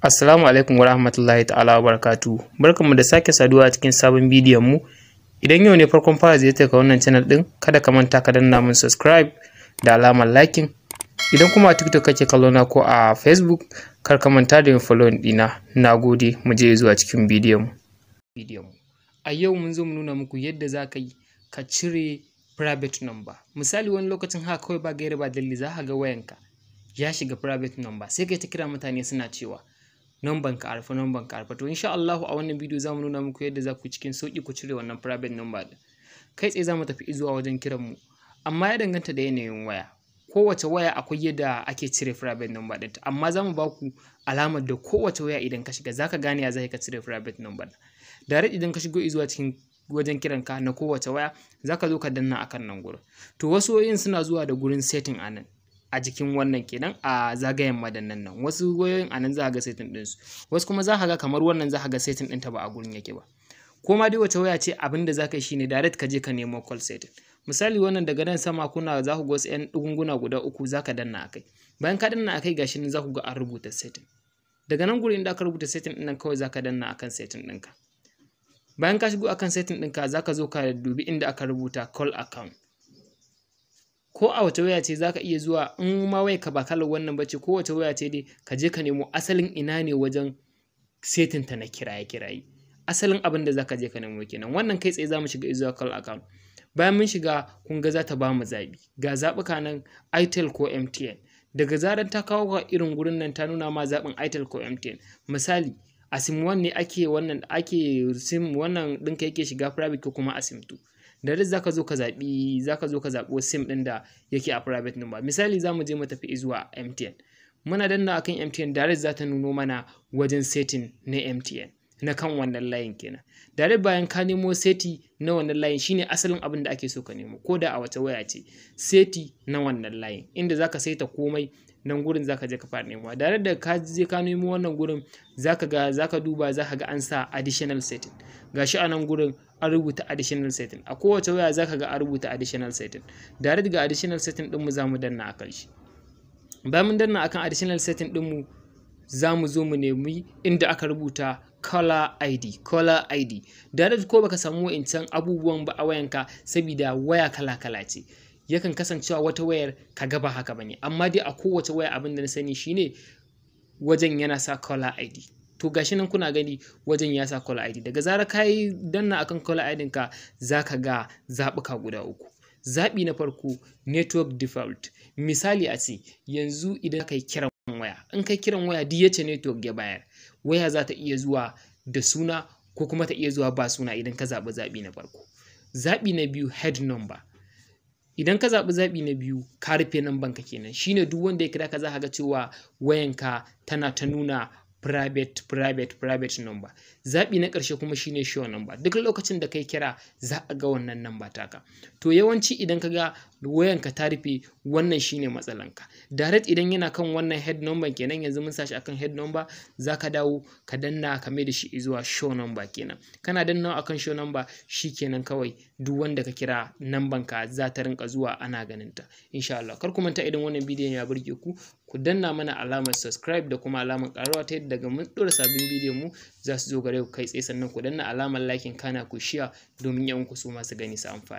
Assalamu alaikum wa rahmatullahi ta'ala barakatu. Barkanmu da sake saduwa a cikin sabon bidiyon mu. Idan yau ne farkon fara ziyartar ka wannan channel din, kada ka manta ka danna mun subscribe da alamar liking. Idan kuma a TikTok kake kallo na ko a Facebook, kar ka manta da yin follow dina. Nagode, mu je zuwa cikin bidiyon mu. Bidiyon mu. A yau mun zo mu nuna muku yadda za ka yi ka cire private number. Misali wani lokacin haka kawai ba gaira ba dalili za ka ga wayanka ya shiga private number sai kai ta kira mutane suna cewa numban ka arfa numban ka arfa to insha Allah a wannan bidiyo zamu nuna muku yadda za ku cikin sauki ku cire wannan private number din kai tsaye zamu tafi zuwa wajen kiran mu amma ya danganta da yanayin waya kowace waya akwai yadda ake cire private number ɗinta amma zamu ba ku alamar da kowace waya idan ka shiga zaka gane ya zai ka cire private number direct idan ka shigo zuwa cikin wajen kiran ka na kowace waya zaka zo ka danna akan nan gurin to wasu wayoyin suna zuwa da gurin setting anan a jikin wannan kenan a zagayen madannan nan wasu goyon a nan za ga setting din su wasu kuma za ka ga kamar wannan za ka ga setting ɗinta ba a gurin yake ba ko ma dai wata waya ce abinda da za ka yi shine direct ka je ka nemo call setting misali wannan daga nan sama kuna za ku ga wasu 'yan ɗugunguna guda uku za ka danna akai bayan ka danna akai gashi nan za ku ga an rubuta setting daga nan gurin da aka rubuta setting ɗin nan kawai za ka danna akan setting ɗinka bayan ka shigo akan setting ɗinka za ka zo ka dubi inda aka rubuta call account ko a wata waya ce za ka iya zuwa in ma wai ka ba kalar wannan ce ko wata waya ce dai ka je ka nemo asalin ina ne wajen setin ta na kiraye kiraye asalin abin da za ka je ka nemo kenan wannan kai tsaye za mu shiga izuwa call account bayan mun shiga kun ga za ta ba mu zaɓi ga zaɓuka nan itel ko mtn daga zarar ta kawo ka irin gurin nan ta nuna ma zabin itel ko mtn misali a sim ne ake wannan ake sim wannan ɗinka yake shiga private ko kuma a sim 2 da duk zaka zo ka zaɓi zaka zo ka zaɓi sim ɗin da yake a private number misali za mu je mu tafi zuwa mtn muna danna akan mtn direct za ta nuno mana wajen setting na mtn na kan wannan layin kenan dare bayan ka nemo seti na wannan layin shine asalin abin da ake so ka nemo ko da a wata waya ce seti na wannan layin inda zaka saita komai nan gurin zaka je ka fara nemowa dare da ka je ka nemo wannan gurin zaka ga zaka duba zaka ga an sa additional setting gashi a nan gurin an rubuta additional setting a kowace waya zaka ga an rubuta additional setting dare daga additional setting din mu zamu danna akan shi bayan mun danna akan additional setting din mu za mu zo mu nemi inda aka rubuta color ID color ID da ko baka samu wa'incan abubuwan ba a wayanka saboda waya kala kala ce yakan kasancewa wata wayar ka gaba haka bane amma dai a kowace waya abin da na sani shine wajen yana sa color ID to gashi nan kuna gani wajen ya sa color ID daga zarar ka yi danna akan color ID ka zaka ga zaɓuka guda uku zaɓi na farko network default misali a ce yanzu idan ka yi kiran waya in kai kiran waya duk yace to ya bayar waya za ta iya zuwa da suna ko kuma ta iya zuwa ba suna idan ka zaɓi zaɓi na farko zaɓi na biyu head number idan ka zaɓi zaɓi na biyu ka rufe namban ka kenan shine duk wanda ya kira ka za ka ga cewa wayanka tana ta nuna private private private number zaɓi na ƙarshe kuma shine show number duk lokacin da kai kira za a ga wannan number taka to yawanci idan ka ga wayanka ta rufe wannan shine matsalanka direct idan yana kan wannan head number kenan yanzu mun sashi akan head number zaka dawo ka danna ka mai da shi zuwa show number kenan kana danna akan show number shi kenan kawai duk wanda ka kira namban ka za ta rinka zuwa ana ganin ta insha Allah kar ku manta idan wannan bidiyon ya burge ku ku danna mana alamar subscribe da kuma alamar karawa ta yadda daga mun dora sabbin bidiyon mu za su zo gare ku kai tsaye sannan ku danna alamar like kana ku share domin yan ku su ma su gani su amfana